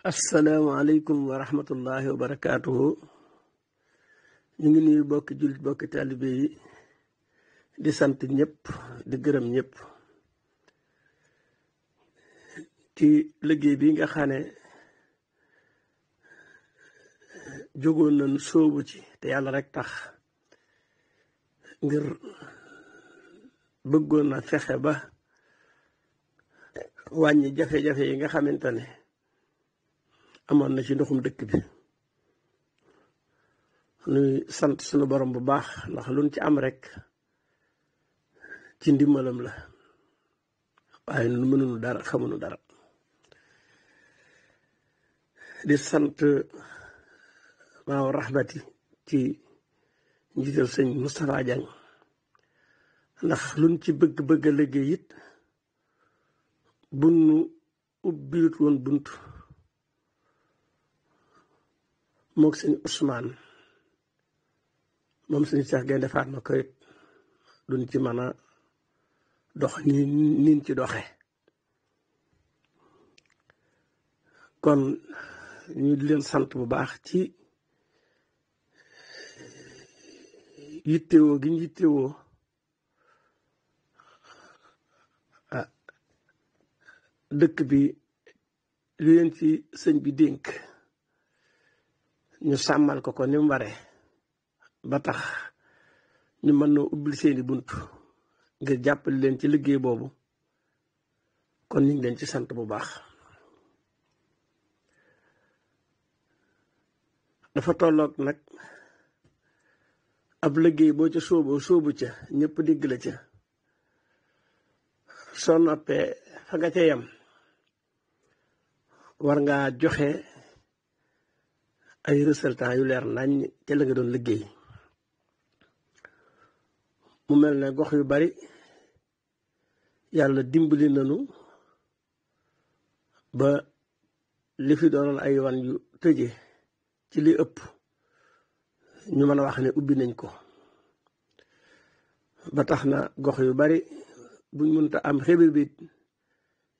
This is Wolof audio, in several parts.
asalaamaaleykum wa rahmatullahi wa barakaatuhu ñu ngi nuy bokki jullit bokki taalibe yi di sant ñëpp di gërëm ñëpp ci liggéey bi nga xam ne jógoon nañ sóobu ci te yàlla rek tax ngir bëggoon na fexe ba wàññi jafe-jafe yi nga xamante ne amoon na ci ndoxum dëkk bi nuy sant sunu borom bu baax ndax luñ ci am rek ci ndimmalam la waaye nun mënuñu dara xamuñu dara di sant maaw raxbati ci njiital sëñ Moustapha Diagne ndax luñ ci bëgg-bëgg a liggéey it bunu ubbiwut woon bunt moog sëñ Ousmane moom sëñ Cheikh Gaynde Fatma ko it duñ ci mën a dox nii ci doxe kon ñu di sant bu baax ci yittewoo gi ñu yittewoo dëkk bi lileen leen ci sëñ bi dénk ñu sàmmal ko ko ni mu waree ba tax ñu mën noo ubbil seeni bunt ngir jàppale leen ci liggéey boobu kon ñu ngi leen ci sant bu baax dafa tolloog nag ab liggéey boo ca sóoboo sóobu ca ñépp dégg la ca soo noppee fa nga ca yam war ngaa joxe ay résultats yu leer nañ ca nga doon liggéey mu mel ne gox yu bari yàlla dimbali nañu ba li fi doon ay wan yu tëje ci li ëpp ñu mën a wax ne ubbi nañ ko ba tax na gox yu bari buñ mënta am xébir bi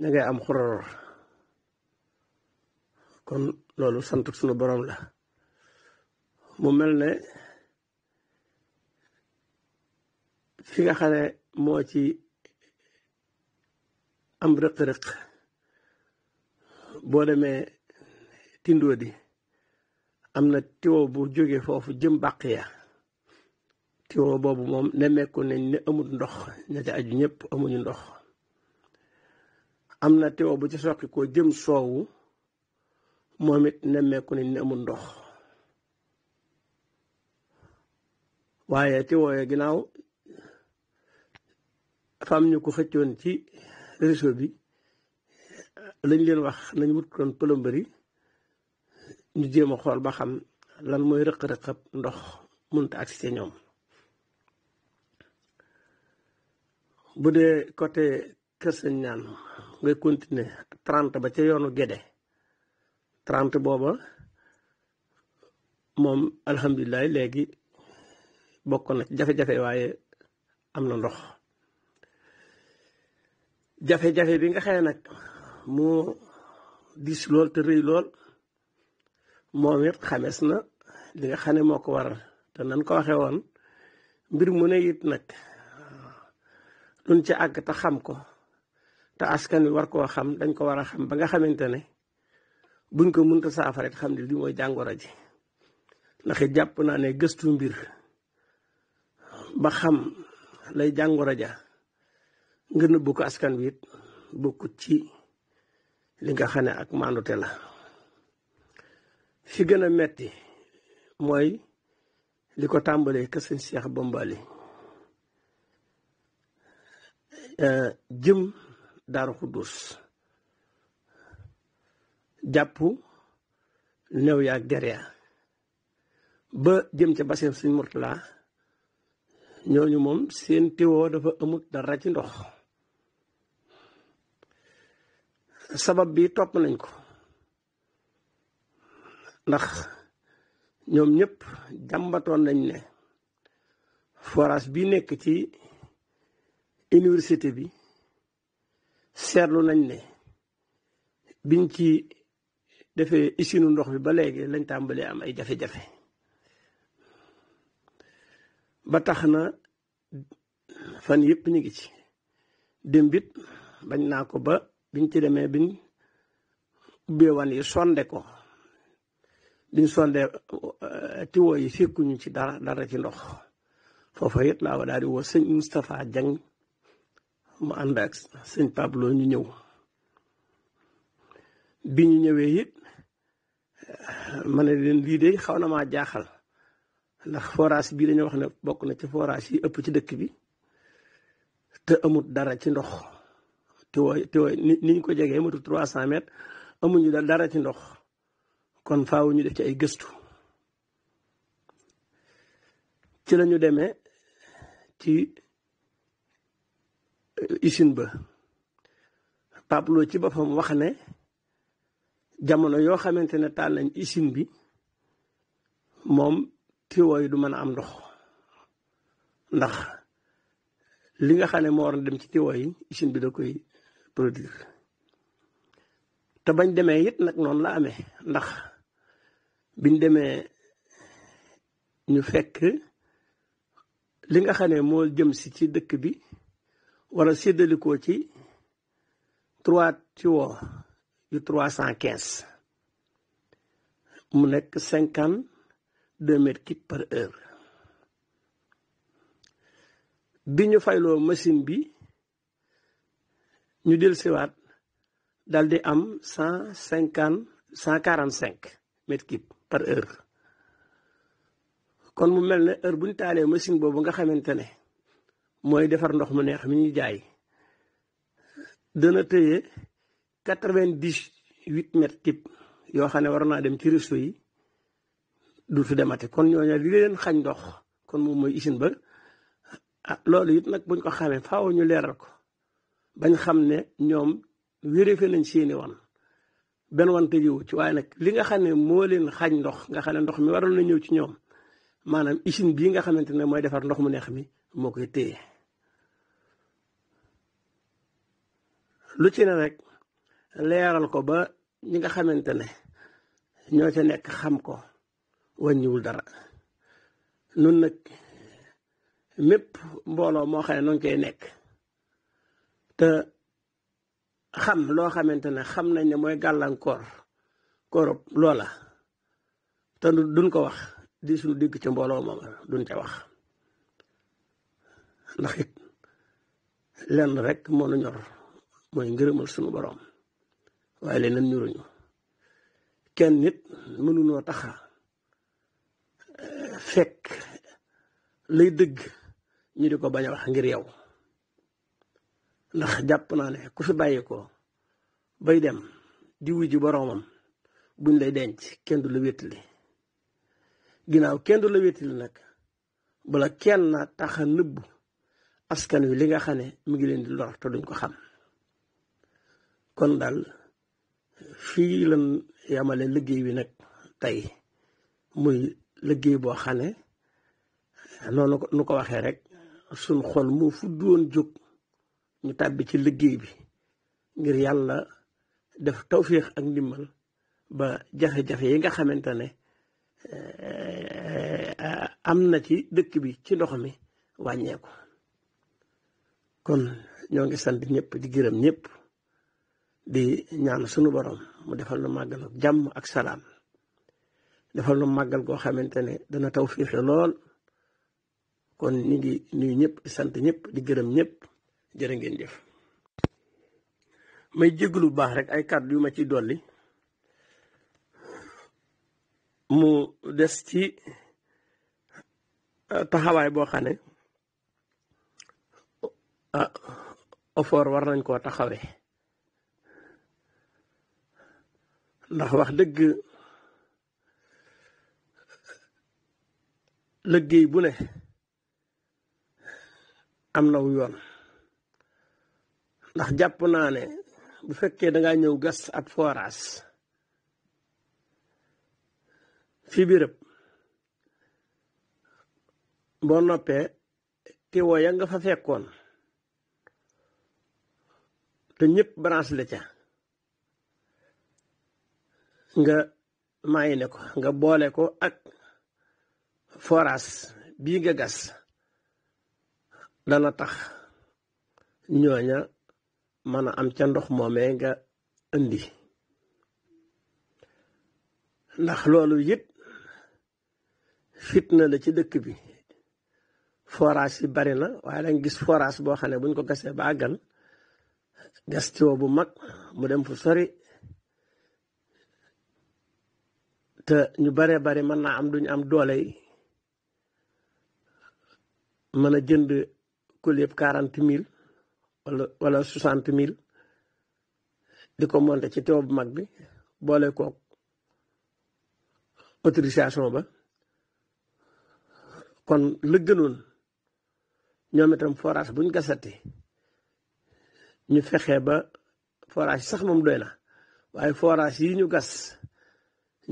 da ngay am xoror kon loolu sant sunu boroom la mu mel ne fi nga xam ne moo ci am rëq-rëq boo demee tindoo di am na tiwo bu jógee foofu jëm bàq ya tiwo boobu moom nemmeeku nañ ne amul ndox ña ca aju ñëpp amuñu ndox am na tiwo bu ci soqi koo jëm soowu moom it nemmeeku nañ ni amul ndox waaye ti wooye ginnaaw fam ñu ko xëccoon ci réseau bi lañ leen wax nañ wut koon plomberie ñu jéem a xool ba xam lan mooy rëq-rëqab ndox mënta agsi ca ñoom bu dee côté kër sañ ñaan ngay continuer trente ba ca yoonu Gédé trente booba moom alhamdulilah léegi bokk nag jafe-jafe waaye am na ndox jafe-jafe bi nga xayee nag mu diis lool te rëy lool moom it xames na li nga xam ne moo ko waral te nan ko waxee woon mbir mu ne it nag luñ ci àgg ta xam ko te askan wi war koo xam dañ ko war a xam ba nga xamante ne buñ ko mënta saafara xam ne lii mooy jàngoro ji ndaxi jàpp naa ne gëstu mbir ba xam lay jàngoro ja nga nëbbu ko askan wi it ci li nga xam ne ak maandute la fi gën a metti mooy li ko tàmbalee ka sëñ Seex Bambali eh, jëm Daaru Xuddus jàpp new yaag dereya ba jëm ca baseem suñ murtala ñooñu moom seen tiwoo dafa amut dara ci ndox sabab bi topp nañ ko ndax ñoom ñëpp jàmbatoon nañ ne forage bi nekk ci université bi seetlu nañ ne biñ ci defee isinu ndox bi ba léegi lañ tàmbalee am ay jafe-jafe ba tax na fan yëpp ñu ngi ci démbit bañ naa ko ba biñ ci demee biñ ubbeewan yi sonde ko biñ sonde euh, tiwo yi fekkuñu ci dara dara ci ndox foofa it la wa daal di woo sëñ Moustapha Dieng mu ànd ak sëñ Pablo ñu ñëw bi ñu ñëwee it ma ne leen lii de xaw na maa jaaxal ndax forage bii dañoo wax ne bokk na ci forage yi ëpp ci dëkk bi te amut dara ci ndox te wooy te wooy ni ñu ko jegee amatu 300 mètres amuñu dara ci ndox kon faaw ñu def ci ay gëstu ci la ñu demee ci euh, usine ba Pablo ci boppam wax ne. jamono yoo xamante ne taal nañ usine bi moom tuyau yi du mën a am ndox ndax li nga xam ne moo waroon dem ci tuyau yi usine bi da koy produire te bañ demee it nag noonu la amee ndax biñ demee ñu fekk li nga xam ne moo jëm si ci dëkk bi wala séddalikoo ci trois tuyaux yu trois cent quinze mu nekk cinquante deux mètres cubes par heure bi ñu fayloo machine bi ñu del siwaat dal di am cent cinquante cent quarante cinq mètres cubes par heure kon mu mel ne heure bu ñu taalee machine boobu nga xamante ne mooy defar ndox mu neex mi ñuy jaay dana tëye quatre-vingt-dix-huit mètres type yoo xam ne war naa dem ci réseau yi du fi demate kon ñooñu li leen xañ ndox kon moom mooy usine ba ah loolu it nag buñ ko xamee faaw ñu leeral ko bañ xam ne ñoom vérifié nañ seeni wan benn wan tëjewu ci waaye nag li nga xam ne moo leen xaaj ndox nga xam ne ndox mi waroon na ñëw ci ñoom maanaam usine bii nga xamante ne mooy defar ndox mu neex mi moo koy téye lu ci ne rek leeral ko ba ñi nga xamante ne ñoo ca nekk xam ko wàññiwul dara nun nag mépp mbooloo moo xam ne noonu koy nekk te xam loo xamante ne xam nañ ne mooy gàllankoor koorob loola te duñ ko wax di suñu digg ca mbooloo moom duñ ca wax ndax it lenn rek moo nu ñor mooy ngërëmal sunu boroom waaye leneen niruñu kenn nit mënunoo taxa eh, fekk lay dëgg ñu di ko bañ a wax ngir yow ndax jàpp naa ne ku fi bàyyi ko bay dem di wuy ji boroomam buñ lay denc kenn du la wéttali ginnaaw kenn du la wéttali nag bala kenn na taxa nëbb askan wi li nga xam ne mu ngi leen di lor te duñ ko xam kon daal fii lan yamale liggéey bi nag tey muy liggéey boo xam ne noonu nu ko waxee rek suñ xol moo fu doon jóg ñu tàbbi ci liggéey bi ngir yàlla def tawféex ak ndimbal ba jafe-jafe yi nga xamante ne eh, am na ci dëkk bi ci ndox mi wàññeeku kon ñoo ngi sant ñëpp di gërëm ñépp di ñaan sunu borom mu defal lu màggal jàmm ak salaam defal lu màggal goo xamante ne dana taw fiixe lool kon ñu ngi nuyu ñëpp di sant ñëpp di gërëm ñëpp jërë ngeen jëf. may jéglu baax rek ay kàddu yu ma ciy dolli mu des ci eh, taxawaay boo xam ne ah war nañ koo taxawee. ndax wax dëgg liggéey bu ne am na wu yoon ndax jàpp naa ne bu fekkee da ñëw gas ab forage fi birëb boo noppee tiwo ya nga fa fekkoon te ñëpp branche la ca nga maayene ko nga boole ko ak forage bii nga gas dana tax ñooña mën a am ca ndox moomee nga indi ndax loolu it fitna la ci dëkk bi forage yi bari na waaye danga gis forage boo xam ne buñ ko gasee ba àggal gas tiwo bu mag mu dem fu sori te ñu baree bari mën naa am duñu am doole yi mën a jënd kul yëpp mille walla wala soixante mille di ko monte ci teew bu mag bi boole kook autorisation ba kon la gënoon ñoom itam forage buñ gasati ñu fexe ba forage sax moom doy na waaye forage yi ñu gas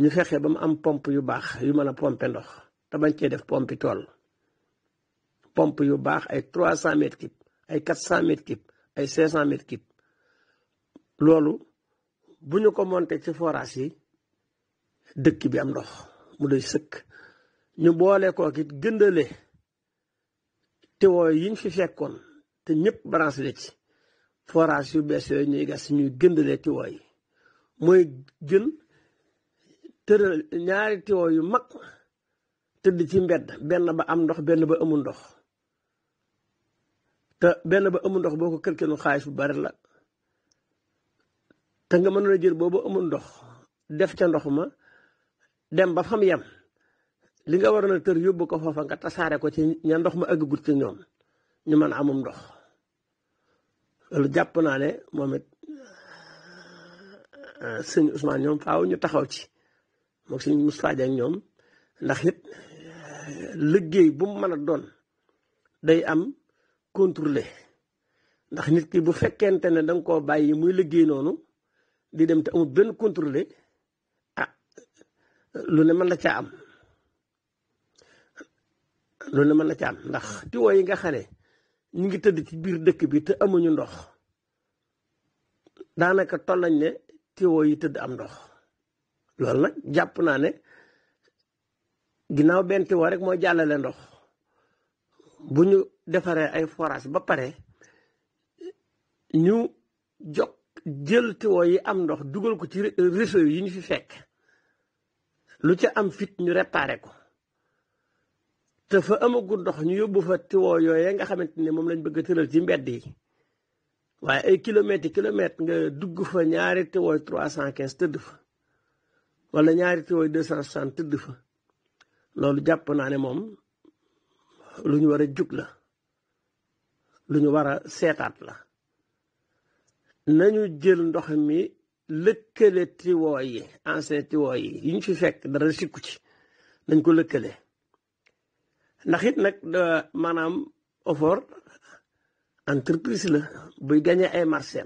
ñu fexe ba mu am pompe yu baax yu mën a pompe ndox te bañ cee def pompe tool pompe yu baax ay trois cent mètres cube ay quatre cent mètres cube ay cinq cent mètres loolu bu ñu ko monté ci forage yi dëkk bi am ndox mu doy sëkk ñu boole kook it gëndale tiwoo yiñ fi fekkoon te ñëpp branche la ci forage yu bees yooyu ñuy gas ñuy gëndale tiwoo yi mooy gën tëral ñaari tiwo yu mag tëdd ci mbedd benn ba am ndox benn ba amul ndox te benn ba amul ndox boo ko kër kenn xaalis bu bari la te nga mën a jël boobu amul ndox def ca ndox ma dem ba fam yem li nga waroon a tër yóbbu ko foofa nga tasaare ko ci ña ndox ma ëggagut ci ñoom ñu mën a amum ndox lu jàpp naa ne moom it ah, sëñ Ousmane ñoom faaw ñu taxaw ci. moo sëñ Moustapha Diagne ñoom ndax it euh, liggéey bu mu mën a doon day am contrôlé ndax nit ki bu fekkente ne danga koo bàyyi muy liggéey noonu di dem te amul benn contrôlé ah lu ne mën la caa am lu mën la caa am ndax tiwo yi nga xam ne ñu ngi tëdd ci biir dëkk bi te amuñu ndox daanaka tollañ ne tiwo yi tëdd am ndox loolu nag jàpp naa ne ginnaaw benn tuyau rek moo jàllale ndox bu ñu defaree ay forage ba pare ñu jog jël tuyau yi am ndox dugal ko ci réseau yi ñu fi fekk lu ca am fit ñu réparé ko te fa amagul ndox ñu yóbbu fa tuyau yooyee nga xamante ni moom lañ bëgg a tëral ci mbedd yi waaye ay kilomètres kilomètres nga dugg fa ñaari tuyau trois cent quinze tëdd fa wala ñaari tuyaux deux cent soixante tëdd fa loolu jàpp naa ne moom lu ñu war a jug la lu ñu war a seetaat la nañu jël ndox mi lëkkale tuyaux yi ancien tuyaux yi ñu fi fekk dara sikku ci nañ ko lëkkale ndaxit nag maanaam effort entreprise la buy gañe ay marché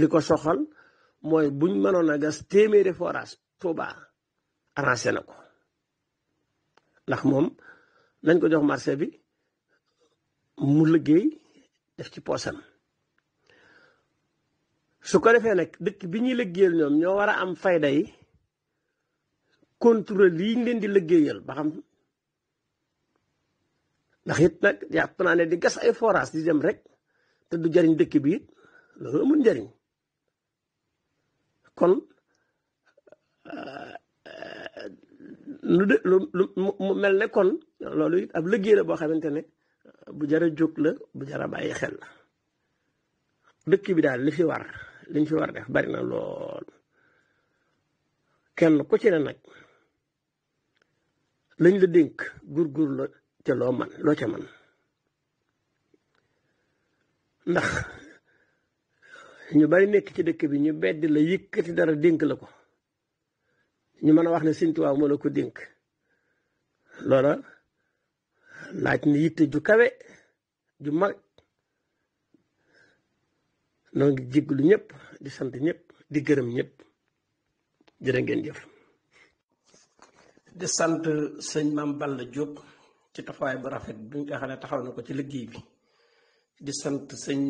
li ko soxal mooy buñ mënoon a gas téeméeri forage Touba arrangé na ko ndax moom nañ ko jox marché bi mu liggéey def ci poosam su ko defee nag dëkk bi ñuy liggéeyal ñoom ñoo war a am fayda yi contrôle yi ñu leen di liggéeyal ba xam ndax it nag jàpp naa ne di gas ay forage di dem rek te du jariñ dëkk bi it loolu amul njariñ kon euh, lu de lu mel ne kon loolu ab liggéey la boo xamante ne bu jar jóg la bu jar a bàyyi xel la dëkk bi daal li fi war liñ fi war def bari na lool kenn ku ci ne nag lañ la dénk góorgóorlu ca loo man loo ca man ndax ñu bari nekk ci dëkk bi ñu bedd la yëkkati dara dénk la ko ñu mën a wax ne Sëñ Tuubaa moo la ko dénk loola laaj na yitte ju kawe ju mag noo ngi jéggalu ñépp di sant ñëpp di gërëm ñëpp jërë ngeen jëf di sant sëñ Mame la Diop ci taxawaay bu rafet bi nga xam ne taxaw na ko ci liggéey bi di sant sëñ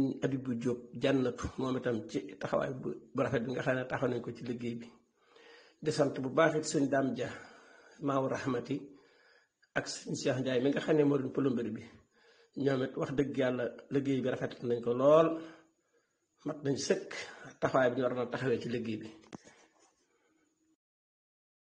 bu Jóob jànnatu moom itam ci taxawaay bu rafet bi nga xam ne taxaw nañ ko ci liggéey bi di sant bu baax it sëñ Daam Ja maaw raxmati ak sëñ Cheikh Njaay mi nga xam ne moo doon pëlëmbër bi ñoom it wax dëgg yàlla liggéey bi rafet nañ ko lool mat nañ sëkk taxawaay bi ñu war na taxawee ci liggéey bi